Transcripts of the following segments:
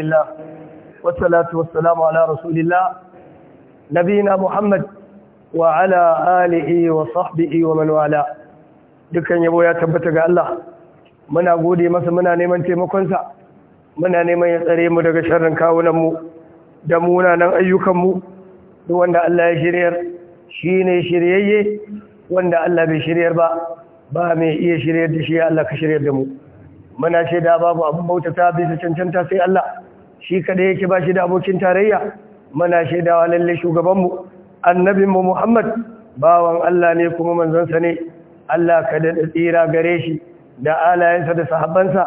الله والصلاة والسلام على رسول الله نبينا محمد وعلى آله وصحبه ومن والاه dukkan yabo ya tabbata ga Allah muna gode masa muna neman taimakonsa muna neman ya tsare mu daga sharrin kawunan mu da munanan ayyukan mu duk wanda Allah ya shiryar shine shiryayye wanda Allah bai shiryar ba ba mai iya shiryar da shi Allah ka shiryar da mu muna shaida babu abin bautata bisa cancanta sai Allah shi kada yake ba shi da abokin tarayya mana shaidawa lalle shugabanmu annabinmu Muhammad bawan Allah ne kuma manzansa ne Allah ka da tsira gare shi da alayensa da sahabbansa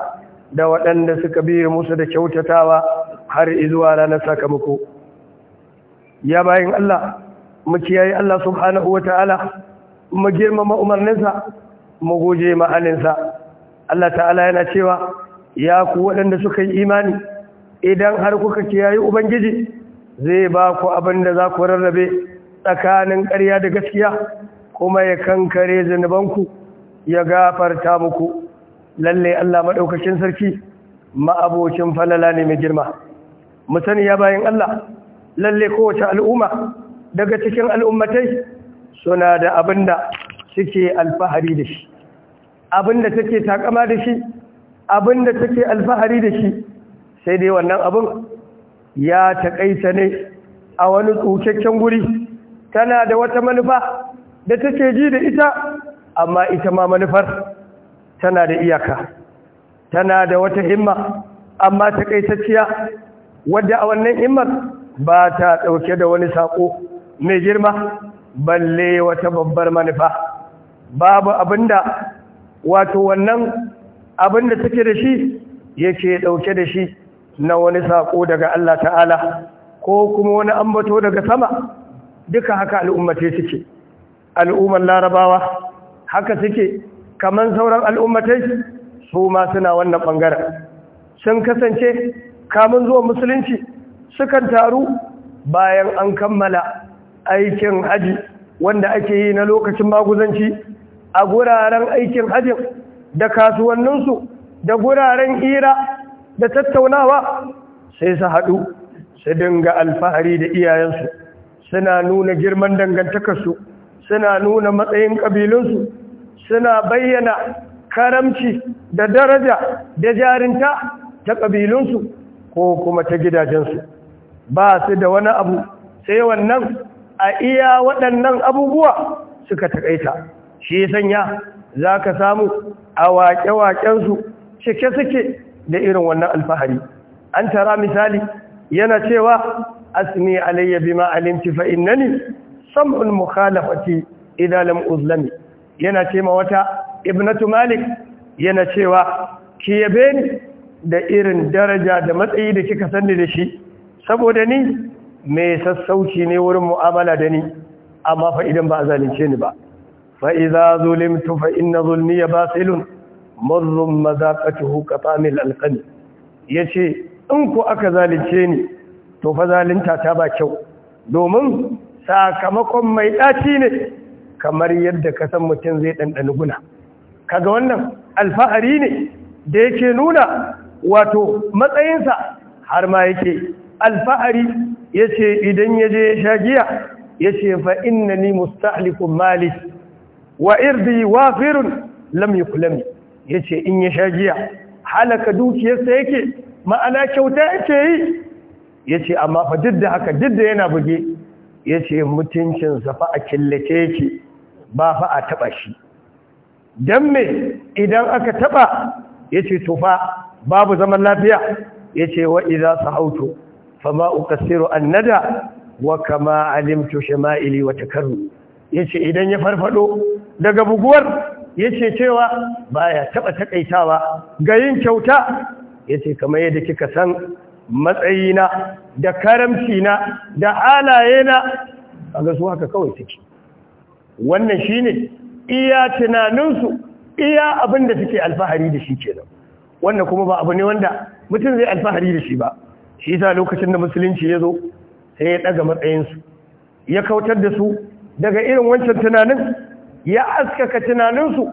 da waɗanda suka bi musu da kyautatawa har izuwa ranar sakamako ya bayin Allah mu kiyaye Allah subhanahu wataala mu girmama umarninsa mu guje ma'aninsa Allah ta'ala yana cewa ya ku waɗanda suka yi imani idan har kuka kiyaye ubangiji zai ba ku abin da za ku rarrabe tsakanin ƙarya da gaskiya kuma ya kankare zunubanku ya gafarta muku lalle Allah maɗaukacin sarki ma'abocin falala ne mai girma mu sani ya bayan Allah lalle kowace al'umma daga cikin al'ummatai suna da abin da suke alfahari da shi abin da take takama da shi abin da take alfahari da shi sai dai wannan abin ya taƙaita ne a wani tsukakken guri tana da wata manufa da take ji da ita amma ita ma manufar tana da iyaka tana da wata himma amma taƙaitacciya wadda a wannan himmar ba ta ɗauke da wani saƙo mai girma balle wata babbar manufa babu abin da, wato wannan abin da take da shi yake ɗauke da shi na wani saƙo daga Allah ta'ala ko kuma wani ambato daga sama duka haka al'ummace suke al'umman larabawa haka suke kamar sauran al'ummatai su ma suna wannan bangaren sun kasance kamun zuwa musulunci sukan taru bayan an kammala aikin haji wanda ake yi na lokacin maguzanci a guraren aikin hajin da kasuwanninsu da guraren hira da tattaunawa sai su haɗu su dinga alfahari da iyayensu suna nuna girman dangantakarsu suna nuna matsayin ƙabilunsu suna bayyana karamci da daraja da jarinta ta ƙabilunsu ko kuma ta gidajensu ba su da wani abu sai wannan a iya waɗannan abubuwa suka taƙaita shi sanya za ka samu a waƙe-waƙensu cike suke da irin wannan alfahari an tara misali yana cewa asni alayya bima alimti fa innani sam'ul mukhalafati idan lam uzlami yana cewa wata ibnatu malik yana cewa ki ya ni da irin daraja da matsayi da kika sani da shi saboda ni mai sassauci ne wurin mu'amala da ni amma fa idan ba zalunce ni ba fa idza zulimtu fa inna zulmi basilun مر مذاقته كطعم الألقم يشي انكو اكا ذالتيني تو فذالنتا تابا شو دومن ساكمكم ميتاتيني كمر يد كسم تنزيت ان نقنا كذونا الفهريني ديكي نونا واتو مطينسا حرمائكي الفهري يشي ادن يجي شاجيا يشي فإنني مستحلق مالي وإرضي وافر لم يقلمي Yace in ya sha jiya halaka dukiyarsa yake ma'ana kyauta yake yi Yace amma fa duk da haka duk da yana buge Yace ce mutuncinsa fa a killace yake ba fa a taɓa shi don me idan aka taɓa Yace ce tufa babu zaman lafiya Yace ce wa iza su hauto fama ukasiru annada wa kama alimtu shama'ili wa takarru ya idan ya farfado daga buguwar yace cewa baya taba takaitawa ga yin kyauta yace kamar yadda kika san matsayina da karamci na da halayena kaga su haka kawai take wannan shine iya tunaninsu iya abin da suke alfahari da shi kenan wannan kuma ba abu ne wanda mutum zai alfahari da shi ba shi yasa lokacin da musulunci ya zo sai ya daga matsayinsu ya kautar da su daga irin wancan tunanin ya askaka tunaninsu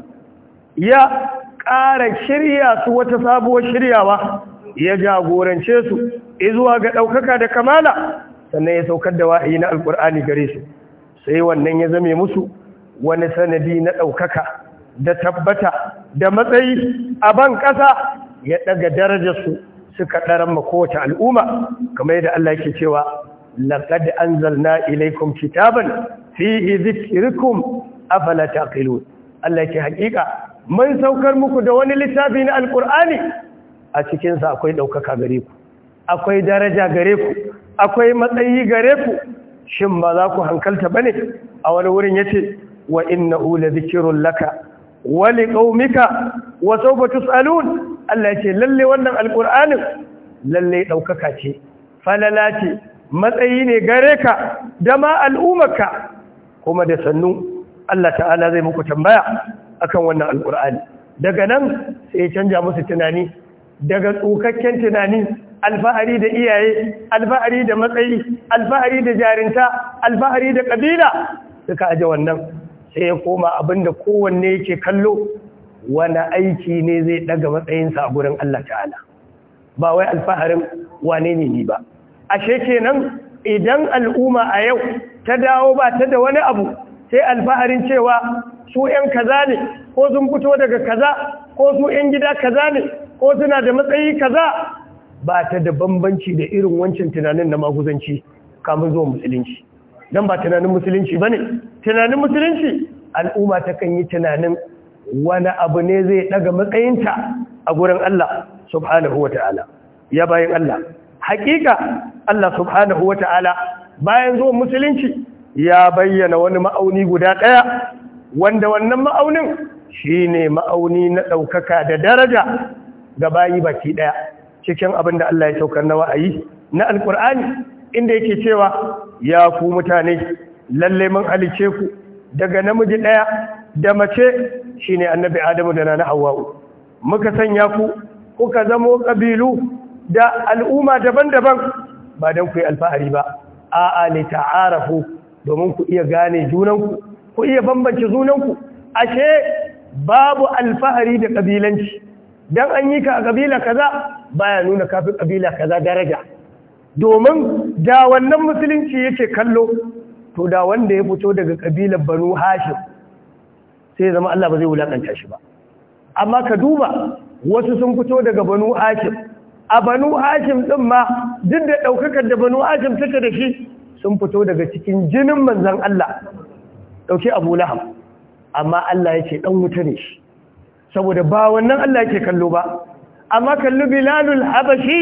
ya ƙara shirya su wata sabuwar shiryawa ya jagorance su izuwa ga ɗaukaka da kamala sannan ya saukar da wa'ayi na alƙur'ani gare su sai wannan ya zame musu wani sanadi na ɗaukaka da tabbata da matsayi a ban ƙasa ya ɗaga darajarsu suka ɗaran ma kowace al'umma kamar yadda Allah ke cewa laqad anzalna ilaikum kitaban fihi dhikrukum afala taqilun Allah ce hakika mun saukar muku da wani littafi na alqur'ani a cikin sa akwai daukaka gare ku akwai daraja gare ku akwai matsayi gare ku shin ba za ku hankalta bane a wani wurin yace wa innahu la dhikrun laka wa liqaumika wa sawfa tusalun Allah ya ce lalle wannan alqur'anin lalle daukaka ce falala matsayi ne gare ka da ma al'ummarka kuma da sannu Allah ta'ala zai muku tambaya akan wannan alkur'ani daga nan sai ya canja musu tunani daga tsukakken tunani alfahari da iyaye alfahari da matsayi alfahari da jarinta alfahari da kabila suka aje wannan sai ya koma abinda kowanne yake kallo wani aiki ne zai daga matsayinsa a gurin Allah ta'ala ba wai alfaharin wane ne ni ba ashe kenan idan al'umma a yau ta dawo ba ta da wani abu sai alfaharin cewa su 'yan kaza ne ko sun fito daga kaza ko su 'yan gida kaza ne ko suna da matsayi kaza ba ta da bambanci da irin wancan tunanin na maguzanci kamun zuwa musulunci don ba tunanin musulunci ba ne tunanin musulunci al'umma ta kan yi tunanin wani abu ne zai daga matsayinta a gurin Allah subhanahu wa ta'ala ya bayan Allah hakika Allah subhanahu wa ta'ala bayan zuwan musulunci ya bayyana wani ma'auni guda ɗaya wanda wannan ma'aunin shine ma'auni na ɗaukaka da daraja ga bayi baki ɗaya cikin abin da Allah ya saukar na wa'ayi na Alƙur'ani, inda yake cewa ya ku mutane lalle mun halice ku daga namiji ɗaya da mace shine annabi Adamu da nana hawa'u muka sanya ku kuka zamo ƙabilu da al'umma daban-daban ba don ku yi alfahari ba a'a ne ta'arafu domin ku iya gane junanku ku iya bambance junanku ashe babu alfahari da kabilanci dan an yi ka a kabila kaza baya nuna kafin kabila kaza daraja domin da wannan musulunci yake kallo to da wanda ya fito daga kabilar banu hashim sai zama Allah ba zai wulakanta shi ba amma ka duba wasu sun fito daga banu hashim a banu hashim din ma duk da daukakar da banu hashim take da shi sun fito daga cikin jinin manzan Allah dauke Abu Lahab amma Allah yake dan wuta ne shi saboda ba wannan Allah yake kallo ba amma kallo Bilalul Habashi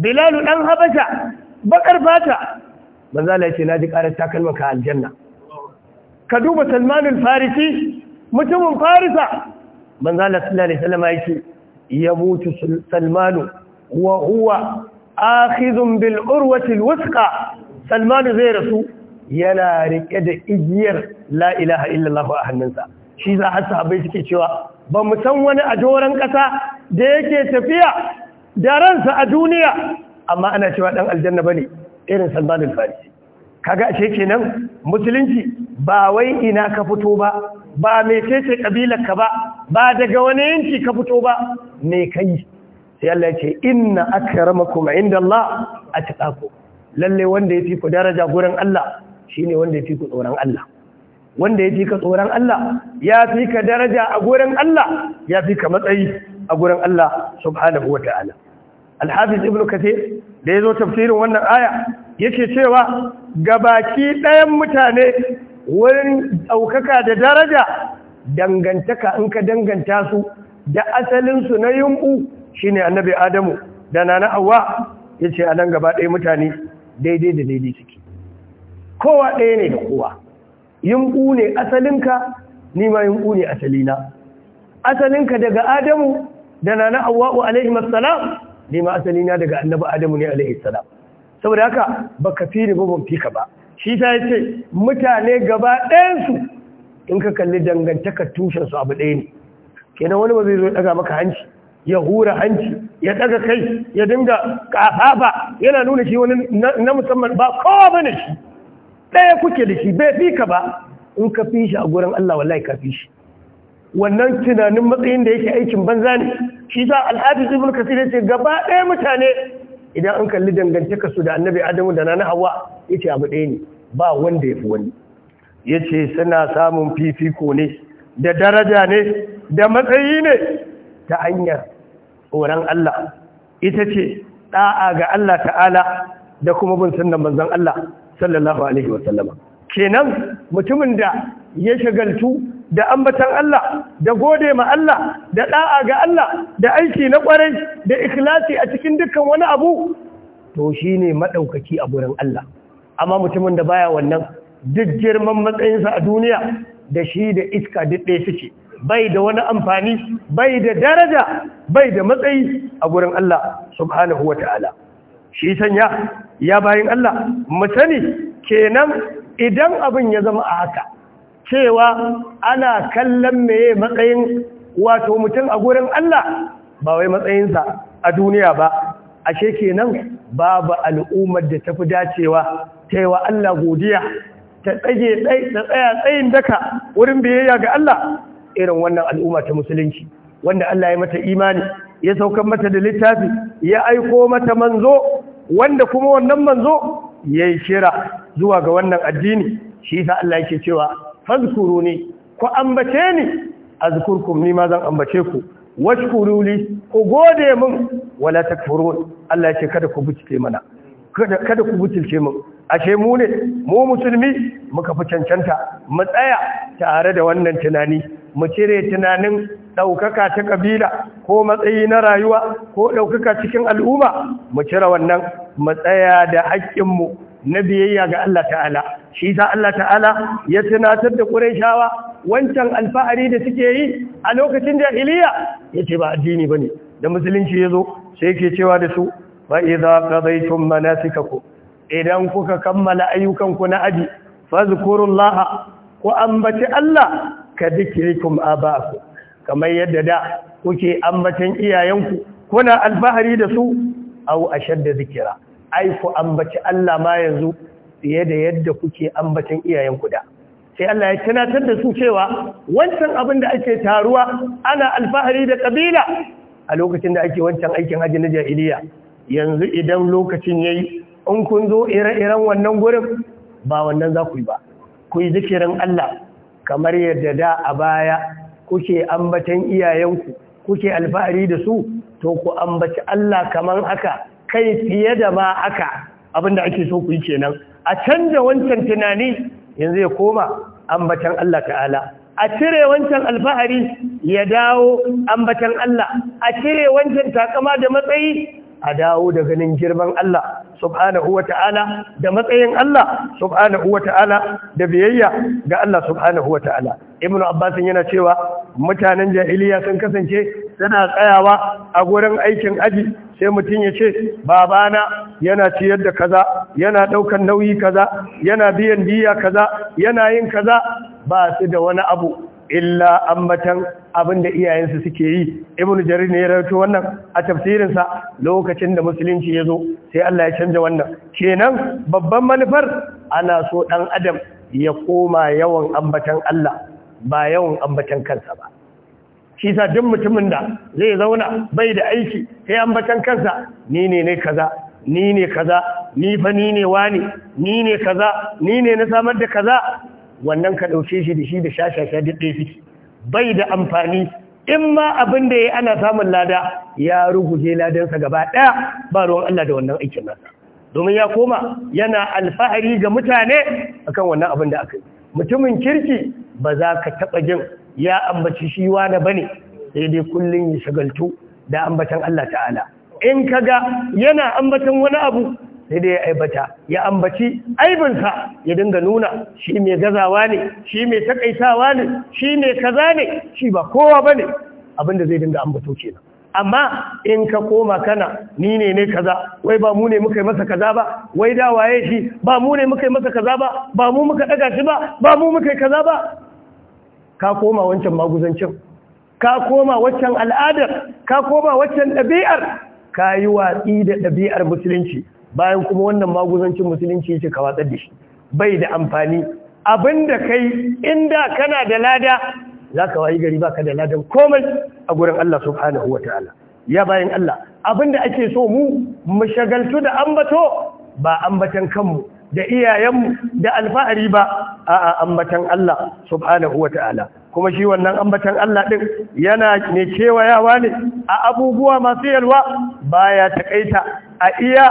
Bilalu dan Habasha bakar fata manzo Allah yake naji karar takalman ka aljanna ka duba Salmanul Farisi mutumin Farisa manzo Allah sallallahu alaihi wasallam yake mutu Salmanu wa huwa akhidhun bil urwati al wuthqa salmanu zai rasu yana rike da igiyar la ilaha illallah a hannunsa shi za a sahabai suke cewa ba mu san wani a doron ƙasa da yake tafiya da ransa a duniya amma ana cewa ɗan aljanna ba ne irin salman farisi kaga ashe kenan musulunci ba wai ina ka fito ba ba mai tece kabilar ka ba ba daga wani yanki ka fito ba me kai sai Allah ya ce inna akramakum inda Allah atqakum lalle wanda ya fi ku daraja gurin Allah shine wanda ya fi ku tsoron Allah wanda ya fi ka tsoron Allah ya fi ka daraja a gurin Allah ya fi ka matsayi a gurin Allah subhanahu wata'ala al-hafiz ibnu kathir da ya zo tafsirin wannan aya yake cewa gabaki ɗayan mutane wurin ɗaukaka da daraja dangantaka in ka danganta su da asalinsu su na yumbu shine annabi adamu da nana Hawwa yace a nan gaba ɗaya mutane daidai da daidai suke kowa ɗaya ne da kowa yin ne asalinka ni ma yimbu ne asalina asalinka daga adamu da nana hawa'u alaihi assalam ni ma asalina daga annabi adamu ne alaihi salam saboda haka ba ka fi ni ban ka ba shi ta ce mutane gaba ɗayansu in ka kalli dangantakar tushensu abu ɗaya ne kenan wani ba zai zo ɗaga maka hanci ya hura hanci ya daga kai ya dinga kafafa yana nuna shi wani na musamman ba kowa bane shi ɗaya kuke da shi bai fi ka ba in ka fi shi a gurin Allah wallahi ka fi shi wannan tunanin matsayin da yake aikin banza ne shi za al'adis ibn sai yace gaba ɗaya mutane idan an kalli dangantaka su da annabi adamu da nana hawa ce abu ɗaya ne ba wanda ya fi wani Ya ce suna samun fifiko ne da daraja ne da matsayi ne ta hanyar tsoron Allah ita ce ɗa'a ga Allah ta'ala da kuma bin sunan manzan Allah sallallahu alaihi wasallama kenan mutumin da ya shagaltu da ambatan Allah da gode ma Allah da ɗa'a ga Allah da aiki na ƙwarai da ikhlasi a cikin dukkan wani abu to shine maɗaukaki a gurin Allah amma mutumin da baya wannan duk girman matsayinsa a duniya da shi da iska duk ɗaya suke bai da wani amfani bai da daraja bai da matsayi a gurin Allah subhanahu wa ta'ala shi sanya ya bayin Allah mu kenan idan abin ya zama a haka cewa ana kallon meye matsayin wato mutum a gurin Allah ba wai matsayinsa a duniya ba ashe kenan babu al'ummar da tafi dacewa ta wa Allah godiya ta tsage ta tsaya tsayin daka wurin biyayya ga Allah irin wannan al'umma ta musulunci wanda Allah ya mata imani ya saukar mata da littafi ya aiko mata manzo wanda kuma wannan manzo ya yi shira zuwa ga wannan addini shi yasa Allah yake cewa fazkuru ne ku ambace ni azkurkum ni ma zan ambace ku washkuru ku gode min wala takfurun Allah yake kada ku butulce mana kada ku butulce min ashe mu ne mu musulmi muka fi cancanta mu tsaya tare da wannan tunani mu cire tunanin ɗaukaka ta ƙabila ko matsayi na rayuwa ko ɗaukaka cikin al'umma mu cire wannan matsaya da haƙƙinmu na biyayya ga Allah ta'ala shi ta Allah ta'ala ya tunatar da ƙurayshawa wancan alfahari da suke yi a lokacin jahiliya yace ba addini bane da musulunci yazo sai ke cewa da su fa idza qadaytum manasikakum idan kuka kammala ayyukanku na aji fazkurullaha ku ambaci Allah ka zikirikum ku kamar yadda da kuke ambatan iyayenku kuna alfahari da su au ashadda zikira ai ku ambaci Allah ma yanzu fiye da yadda kuke ambatan iyayenku da sai Allah ya tunatar da su cewa wancan abin da ake taruwa ana alfahari da kabila a lokacin da ake wancan aikin haji na jahiliya yanzu idan lokacin yayi in kun zo ire-iren wannan gurin ba wannan za ku yi ba ku yi zikirin Allah kamar yadda da a baya kuke ambatan iyayenku kuke alfahari da su to ku ambaci Allah kaman haka kai fiye da ma haka abinda ake so ku yi kenan a canja wancan tunani yanzu ya koma ambatan Allah ta'ala a cire wancan alfahari ya dawo ambatan Allah a cire wancan takama da matsayi a dawo da ganin girman Allah subhanahu wa ta'ala da matsayin Allah subhanahu wa ta'ala da biyayya ga Allah subhanahu wa ta'ala ibnu abbas yana cewa mutanen jahiliya sun kasance suna tsayawa a gurin aikin aji sai mutum ya ce babana yana ciyar da kaza yana daukan nauyi kaza yana biyan diya kaza yana yin kaza ba su da wani abu illa ambatan abinda iyayensu suke yi ibnu jarir ne ya rawaito wannan a tafsirinsa lokacin da musulunci ya zo sai Allah ya canja wannan kenan babban manufar ana so dan adam ya koma yawan ambatan Allah ba yawan ambatan kansa ba shi sa duk mutumin da zai zauna bai da aiki sai ambatan kansa ni ne ne kaza ni ne kaza ni fa ni ne wani ni ne kaza ni ne na samar da kaza wannan ka ɗauke shi da shi da shashasha duk ɗaya suke bai da amfani in ma abin da ya ana samun lada ya ruguje ladansa gaba ɗaya ba ruwan Allah da wannan aikin nasa domin ya koma yana alfahari ga mutane akan wannan abin da aka yi mutumin kirki ba za ka taɓa jin ya ambaci shi wani ba ne sai dai kullum ya shagaltu da ambatan Allah ta'ala in ka ga yana ambatan wani abu sai dai ya aibata ya ambaci aibinsa ya dinga nuna shi mai gazawa ne shi mai takaitawa ne shi mai kaza ne shi ba kowa ba ne abinda zai dinga ambato kenan amma in ka koma kana ni ne ne kaza wai ba mu ne muka yi masa kaza ba wai da waye shi ba mu ne muka yi masa kaza ba ba mu muka daga shi ba ba mu muka yi kaza ba ka koma wancan maguzancin ka koma wancan al'adar ka koma wancan ɗabi'ar ka yi watsi da ɗabi'ar musulunci bayan kuma wannan maguzancin musulunci yake ka da shi bai da amfani abinda kai inda kana da lada zaka wayi gari baka da ladan komai a gurin Allah subhanahu wataala ya bayan Allah abinda ake so mu mu shagaltu da ambato ba ambatan kanmu da iyayenmu da alfahari ba a ambatan Allah subhanahu wataala kuma shi wannan ambatan Allah ɗin yana ne cewa, yawa ne a abubuwa masu yalwa baya takaita a iya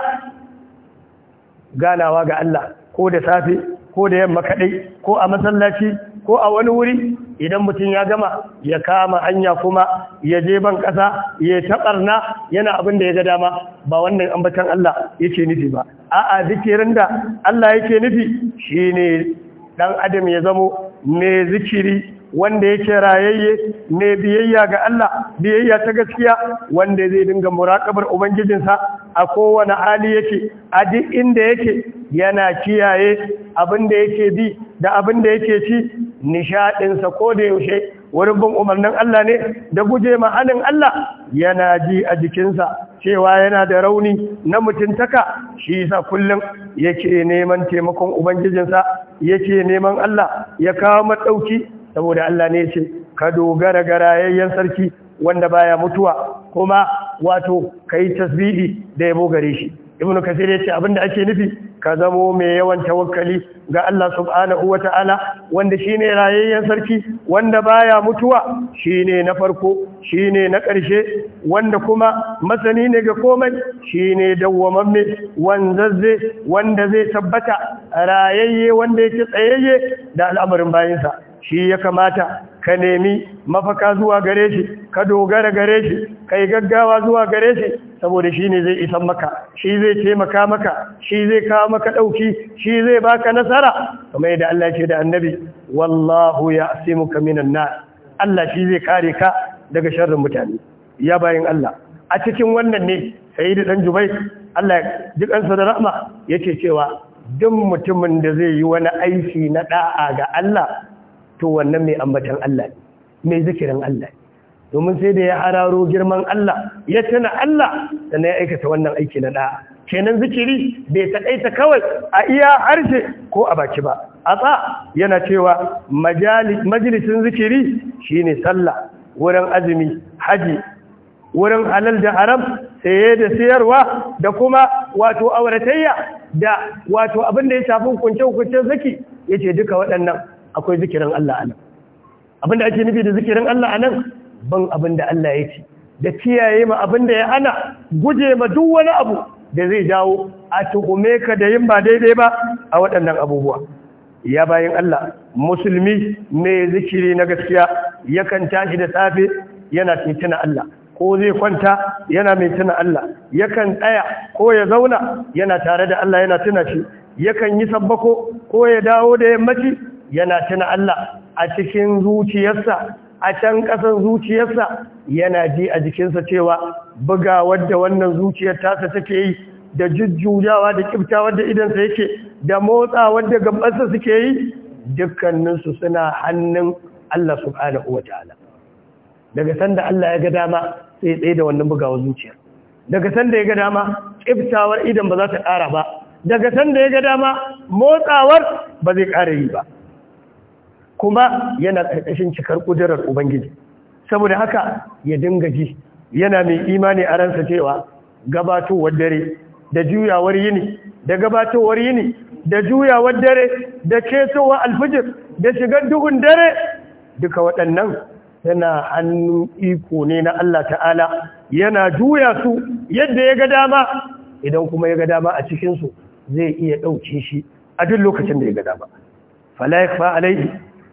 ganawa ga Allah ko da safe ko da yamma kadai ko a masallaci ko a wani wuri idan mutum ya gama ya kama hanya kuma ya je ban kasa ya taɓarna yana abin da ya ga dama ba wannan ambatan Allah yake nufi ba a'a zikirin da Allah yake nufi shine dan adam ya zamo mai zikiri wanda yake rayayye ne biyayya ga Allah biyayya ta gaskiya wanda zai dinga murakabar ubangijinsa a kowane hali yake a duk inda yake yana kiyaye abin da yake bi da abin da yake ci nishaɗinsa ko da yaushe wurin bin umarnin Allah ne da guje ma Allah yana ji a jikinsa cewa yana da rauni na mutuntaka shi yasa kullum yake neman taimakon ubangijinsa yake neman Allah ya kawo madauki saboda Allah ne ce ka dogara ga rayayyen sarki wanda baya mutuwa kuma wato kai tasbihi da yabo gare shi ibnu kasir yace abinda ake nufi ka zamo mai yawan tawakkali ga Allah subhanahu wa ta'ala wanda shine rayayyen sarki wanda baya mutuwa shine na farko shine na ƙarshe wanda kuma masani ne ga komai shine dawwamamme wanzazze wanda zai tabbata rayayye wanda yake tsayayye da al'amarin bayinsa shi ya kamata ka nemi mafaka zuwa gare shi ka dogara gare shi ka yi gaggawa zuwa gare shi saboda shi ne zai isan maka shi zai taimaka maka shi zai kawo maka ɗauki shi zai baka nasa nasara kamar yadda Allah ce da annabi wallahu ya'simuka minan na. Allah shi zai kare ka daga sharrin mutane ya bayin Allah a cikin wannan ne sayyidu dan jubai Allah duk ansa da rahma yace cewa duk mutumin da zai yi wani aiki na da'a ga Allah to wannan mai ambatan Allah ne mai zikirin Allah domin sai da ya hararo girman Allah ya tuna Allah sannan ya aikata wannan aiki na da'a kenan zikiri bai taɗaita kawai a iya harshe ko a baki ba a tsa yana cewa majalisun zikiri shi ne sallah wurin azumi haji wurin halal da haram tsaye da siyarwa, da kuma wato auratayya da wato abin da ya shafi kunce kunce zaki ya ce duka waɗannan akwai zikirin Allah nan. abin da ake nufi da zikirin Allah a nan, ban abin da Allah ya ce da kiyaye ma abin da ya hana guje ma duk wani abu da zai jawo a tuhume ka da yin ba daidai ba a waɗannan abubuwa ya bayan Allah musulmi mai zikiri na gaskiya yakan tashi da safe yana titina Allah ko zai kwanta yana mai tuna Allah yakan tsaya ko ya zauna yana tare da Allah yana tuna shi yakan yi sabbako ko ya dawo da yammaci yana tuna Allah a cikin zuciyarsa a can ƙasan zuciyarsa yana ji a jikinsa cewa buga wadda wannan zuciyar tasa take yi da jujjuyawa da kibtawar wadda idansa yake da motsa wadda gabansa suke yi dukkaninsu suna hannun Allah subhanahu wa ta'ala daga sanda Allah ya ga dama sai tsaye da wannan bugawa zuciyar daga sanda ya ga dama kiftawar idan ba za ta ƙara ba daga sanda ya ga dama motsawar ba zai ƙara yi ba kuma yana ƙarƙashin cikar ƙudurar ubangiji saboda haka ya dinga ji yana mai imani a ransa cewa gabatowar dare da juyawar yini da gabatowar yini da juyawar dare da kesowa alfijir da shigar duhun dare duka waɗannan yana hannun iko ne na Allah ta'ala yana juya su yadda ya ga dama idan kuma ya ga dama a cikinsu zai iya ɗauke shi a duk lokacin da ya ga dama fala yakfa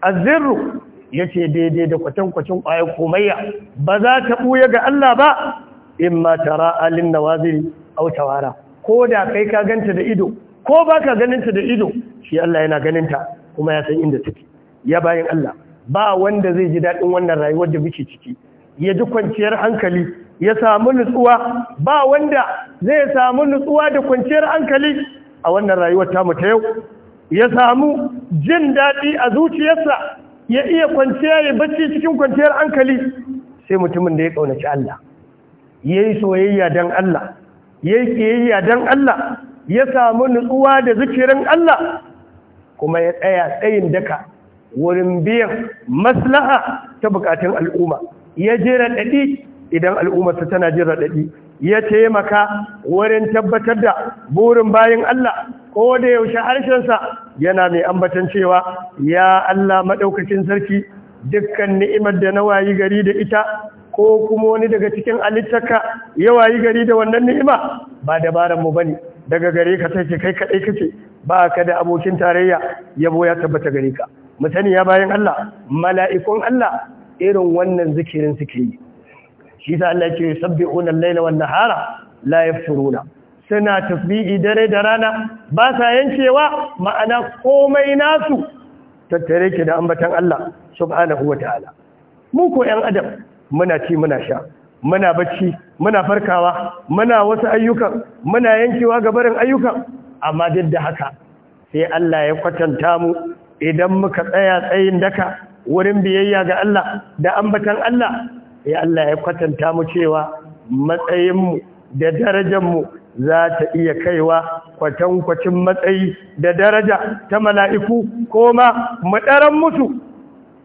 azirru yace daidai da kwacin-kwacin ƙwayar komaiya ba za ta buya ga Allah ba in ma tara alin da waziri autawara ko da kai ka ganta da ido ko ba ka ganinta da ido shi Allah yana ganinta kuma ya san inda take ya bayan Allah ba wanda zai ji daɗin wannan rayuwar da muke ciki ya ji kwanciyar hankali ya samu nutsuwa ba wanda zai samu nutsuwa da kwanciyar hankali a wannan rayuwar tamu ta yau ya samu jin daɗi a zuciyarsa ya iya kwanciya ya bacci cikin kwanciyar hankali sai mutumin da ya ƙaunaci Allah ya yi soyayya don Allah ya yi ƙiyayya don Allah ya samu nutsuwa da zikirin Allah kuma ya tsaya tsayin daka wurin biyan maslaha ta bukatun al'umma ya je raɗaɗi idan al'ummarsa tana jin raɗaɗi ya taimaka wurin tabbatar da burin bayan Allah ko da yaushe harshensa yana mai ambatan cewa ya Allah maɗaukacin sarki dukkan ni'imar da na wayi gari da ita ko kuma wani daga cikin alittaka ya wayi gari da wannan ni'ima ba dabaran mu bane daga gare ka take kai kadai kace ba ka da abokin tarayya yabo ya tabbata gare ka mu sani ya bayan Allah mala'ikun Allah irin wannan zikirin suke yi shi sa Allah ce yusabbihuna al-laila wan nahara la yafturuna suna tasbihi dare da rana ba sa yankewa ma'ana komai nasu tattare ke da ambatan Allah subhanahu wataala mu ko yan adam muna ci muna sha muna bacci muna farkawa muna wasu ayyukan muna yankewa ga barin ayyukan amma duk da haka sai Allah ya kwatanta mu idan muka tsaya tsayin daka wurin biyayya ga Allah da ambatan Allah ya Allah ya kwatanta mu cewa matsayinmu da darajarmu za ta iya kaiwa kwatankwacin matsayi da daraja ta mala'iku ko ma madaran mutu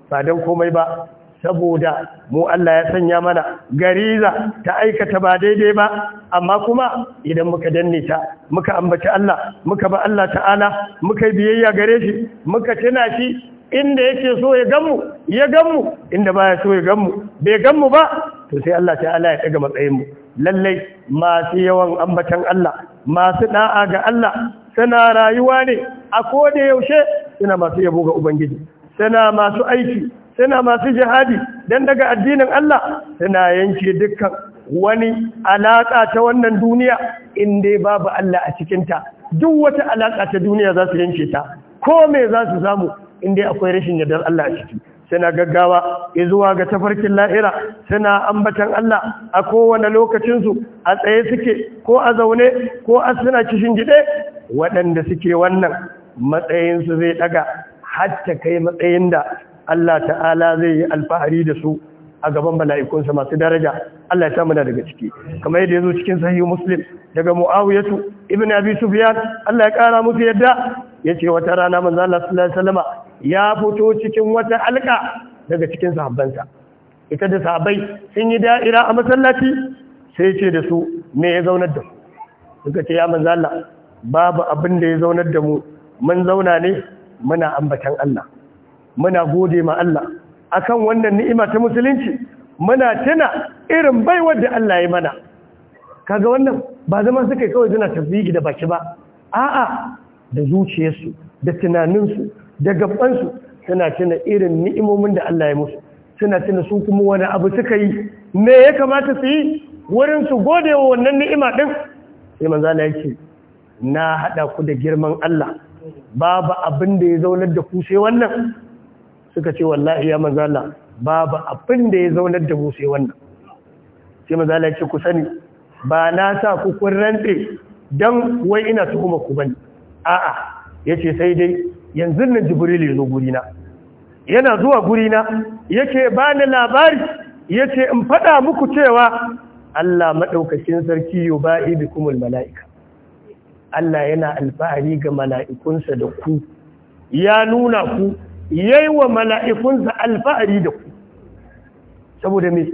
ba don komai ba saboda mu Allah ya sanya mana gariza ta aikata ba daidai ba amma kuma idan muka danne ta muka ambaci Allah muka ba Allah ta'ala muka biyayya gare shi muka tuna shi inda yake so ya ganmu ya ganmu inda baya so ya ganmu bai ganmu ba to sai Allah ta'ala ya daga matsayin mu lallai masu yawan ambatan Allah masu da'a ga Allah suna rayuwa ne a koda yaushe suna masu yabo ga ubangiji suna masu aiki suna masu jihadi dan daga addinin Allah suna yanke dukkan wani alaka ta wannan duniya in dai babu Allah a cikinta duk wata alaka ta duniya za su yanke ta ko me za su samu in dai akwai rashin yardar Allah a ciki suna gaggawa ya zuwa ga tafarkin la'ira suna ambatan Allah a kowane lokacinsu a tsaye suke ko a zaune ko a suna kishin gide waɗanda suke wannan matsayinsu zai ɗaga hatta kai matsayin da Allah ta'ala zai yi alfahari da su a gaban mala'ikunsa masu daraja Allah ya samu daga ciki Kama yadda ya zo cikin sahihu muslim daga muawiyatu ibn abi sufyan Allah ya kara musu yadda ce wata rana manzo Allah sallallahu alaihi ya fito cikin wata alka daga cikin sahabbansa ita da sahabbai sun yi da'ira a masallaci sai ce da su me ya zaunar da mu suka ce ya manzo Allah babu abin da ya zaunar da mu mun zauna ne muna ambatan Allah muna gode ma Allah akan wannan ni'ima ta musulunci muna tana irin baiwar da Allah ya mana kaga wannan ba zama suka kawai suna tasbihi da baki ba a'a da zuciyarsu da tunaninsu da gabansu suna tuna irin ni'imomin da Allah ya musu suna tuna su kuma wani abu suka yi me ya kamata su yi wurin su gode wa wannan ni'ima din sai manzo Allah yake na hada ku da girman Allah babu abin da ya zaunar da ku sai wannan suka ce wallahi ya manzala babu abin da ya zaunar da musu wannan sai manzala ya ce ku sani ba na sa ku kun rantse dan wai ina kuma ku bane a'a yace sai dai yanzu nan jibril ya zo gurina yana zuwa gurina ba ni labari yace in faɗa muku cewa Allah madaukakin sarki ibi kumul mala'ika Allah yana alfahari ga mala'ikunsa da ku ya nuna ku yayi wa mala'ikunsa alfa'ari da ku saboda me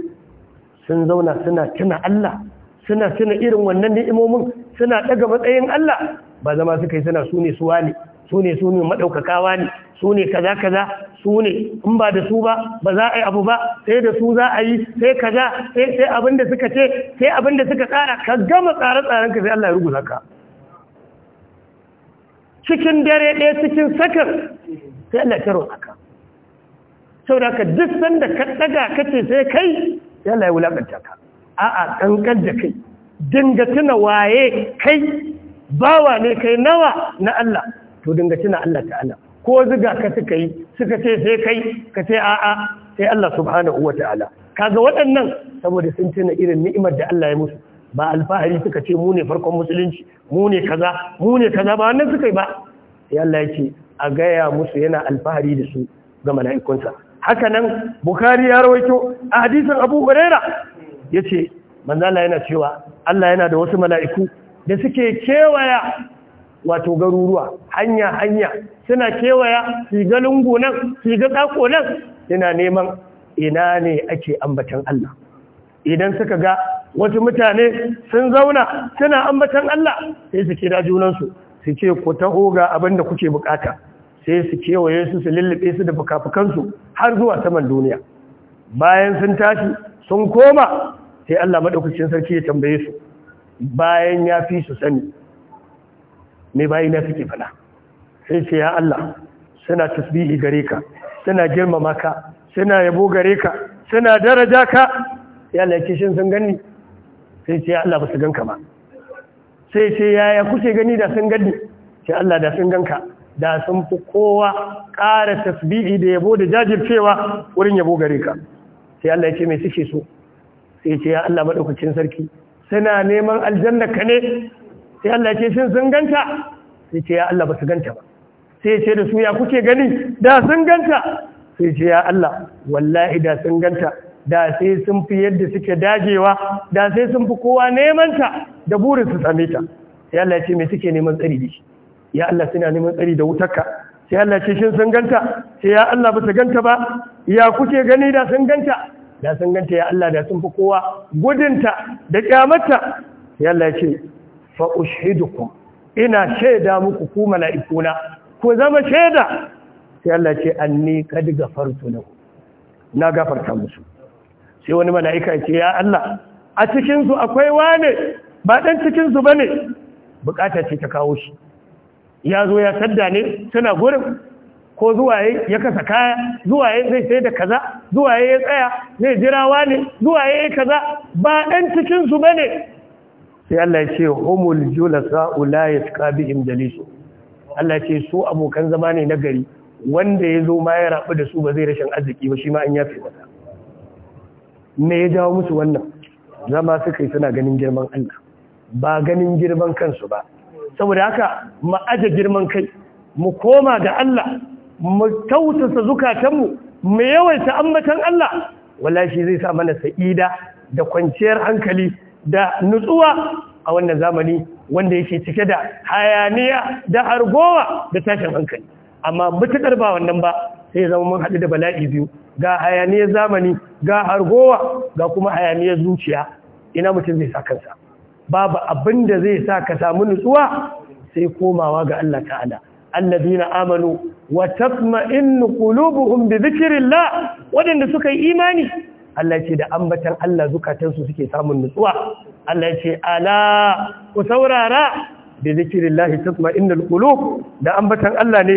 sun zauna suna tuna Allah suna tuna irin wannan ni'imomin suna daga matsayin Allah ba zama suka yi suna sune suwa ne sune sune madaukakawa ne sune kaza kaza sune in ba da su ba ba za a yi abu ba sai da su za a yi sai kaza sai sai abin da suka ce sai abin da suka tsara ka gama tsare tsaren ka sai Allah ya rubuta ka cikin dare ɗaya cikin sakar sai Allah ya roƙa saboda ka duk sanda ka daga kace sai kai sai Allah ya wulakanta ka a'a kankan da kai dinga tuna waye kai bawa ne kai nawa na Allah to dinga tuna Allah ta'ala ko ziga ka suka yi suka ce sai kai ka ce a'a sai Allah subhanahu ta'ala kaga waɗannan saboda sun tuna irin ni'imar da Allah ya musu ba alfahari suka ce mu ne farkon musulunci mu ne kaza mu ne kaza ba wannan suka yi ba sai Allah ya ce a gaya musu yana alfahari da su ga mala'ikunsa hakanan Bukhari ya rawaito a hadisin abu huraira ya ce manzala yana cewa allah yana da wasu mala'iku da suke kewaya wato garuruwa hanya-hanya suna kewaya siga lungu nan siga ɗako nan suna neman ina ne ake ambatan allah idan suka ga wasu mutane sun zauna suna ambatan allah sai su kira junansu su ce ku taho ga abin da kuke bukata sai su kewaye su su lullube su da fukafukansu har zuwa saman duniya bayan sun tashi sun koma sai Allah madaukakin sarki ya tambaye su bayan ya fi su sani me bayan na suke fada sai ce ya Allah suna tasbihi gare ka suna girmama ka suna yabo gare ka suna daraja ka ya Allah kishin sun gani sai ce ya Allah ba su ganka ba sai ce yaya kuke gani da sun gani sai Allah da sun ganka da sun fi kowa ƙara tasbihi da yabo da jajircewa wurin yabo gare ka sai Allah ya ce mai suke so sai ce ya Allah maɗaukacin sarki suna neman aljanna ka ne sai Allah ya ce shin sun ganta sai ce ya Allah ba su ganta ba sai ce da su ya kuke gani da sun ganta sai ce ya Allah wallahi da sun ganta da sai sun fi yadda suke dajewa da sai sun fi kowa neman ta da burin su same ta sai Allah ya ce me suke neman tsari da shi ya Allah suna neman tsari da wutarka sai Allah ce shin sun ganta sai ya Allah ba su ganta ba ya kuke gani da sun ganta da sun ganta ya Allah da sun fi kowa gudunta da kyamarta sai Allah ya ce fa ushidukum ina shaida muku ku mala'ikuna ku zama shaida sai Allah ce anni kad gafartu lahu na gafarta musu sai wani mala'ika ce ya Allah a cikinsu akwai wane ba ɗan cikinsu ba ne bukata ce ta kawo shi ya zo ya sadda ne suna gurin ko zuwaye ya kasa kaya zuwaye zai sai da kaza zuwaye ya tsaya zai jira wane zuwaye ya kaza ba ɗan cikinsu ba ne sai Allah ce homul julasa ulayat kabihim dalisu Allah ce su abokan zama ne na gari wanda ya zo ma ya rabu da su ba zai rashin arziki ba shi ma an yafe mata me ya jawo musu wannan zama suka yi suna ganin girman Allah ba ganin girman kansu ba saboda haka mu aje girman kai mu koma ga Allah mu tausasa zukatanmu mu yawaita ambatan Allah wallahi zai sa mana sa'ida da kwanciyar hankali da nutsuwa a wannan zamani wanda yake cike da hayaniya da argowa da tashin hankali amma mutakar ba wannan ba sai zama mun haɗu da bala'i biyu ga hayaniyar zamani ga hargowa ga kuma hayaniyar zuciya ina mutum zai sa kansa babu abin da zai sa ka samu nutsuwa sai komawa ga Allah ta'ala alladina amanu wa tatma'innu qulubuhum bi dhikrillah wadanda suka yi imani Allah ce da ambatan Allah zukatansu suke samun nutsuwa Allah ce ala ku saurara bi dhikrillah tatma'innul qulub da ambatan Allah ne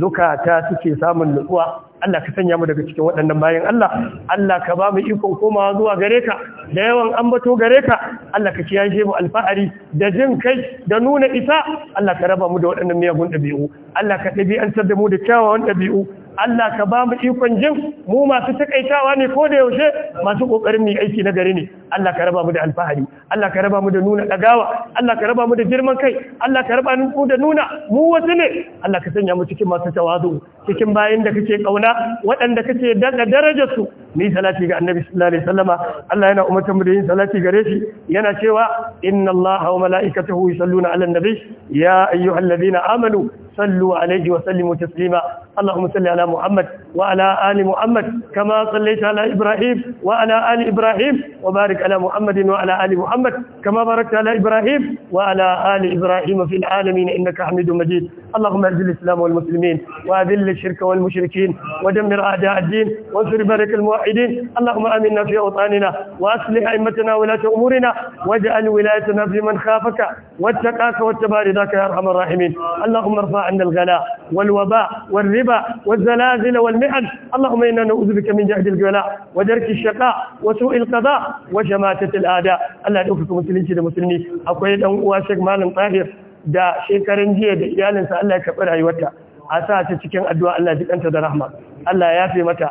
zukata suke samun nutsuwa Allah ka sanya mu daga cikin waɗannan bayan Allah Allah ka ba mu ikon komawa zuwa gare ka da yawan ambato gare ka Allah ka kiyaye mu alfahari da jin kai da nuna isa Allah ka raba mu da waɗannan miyagun ɗabi'u Allah ka ɗabi'antar da mu da kyawawan ɗabi'u Allah ka ba mu ikon jin mu masu takaitawa ne ko da yaushe masu kokarin mu aiki na gari ne Allah ka raba mu da alfahari Allah ka raba mu da nuna dagawa Allah ka raba mu da girman kai Allah ka raba mu da nuna mu wasu ne Allah ka sanya mu cikin masu tawazu cikin bayin da kake kauna waɗanda kake daga darajarsu ni salati ga annabi sallallahu alaihi wasallama Allah yana umarta mu da yin salati gare shi yana cewa inna Allah wa mala'ikatahu yusalluna 'alan nabi ya ayyuhalladhina amanu sallu alaihi wa sallimu taslima اللهم صل على محمد وعلى آل محمد كما صليت على إبراهيم وعلى آل إبراهيم وبارك على محمد وعلى آل محمد كما باركت على إبراهيم وعلى آل إبراهيم في العالمين إنك حميد مجيد اللهم أعز الإسلام والمسلمين وأذل الشرك والمشركين ودمر أعداء الدين وانصر بارك الموحدين اللهم آمنا في أوطاننا وأصلح أئمتنا ولاة أمورنا واجعل ولايتنا في من خافك واتقاك واتبع رضاك يا أرحم الراحمين اللهم ارفع عنا الغلاء والوباء والربا والزلازل والمحن اللهم إنا نعوذ بك من جهد الجلاء ودرك الشقاء وسوء القضاء وشماتة الآداء الله يوفق مسلمين كده مسلمين أقول لهم واشك مال طاهر دا shekaran jiya da iyalinsa الله يكبر karɓi rayuwarta a sa ta cikin addu'a Allah ya jikanta da rahma Allah ya fi mata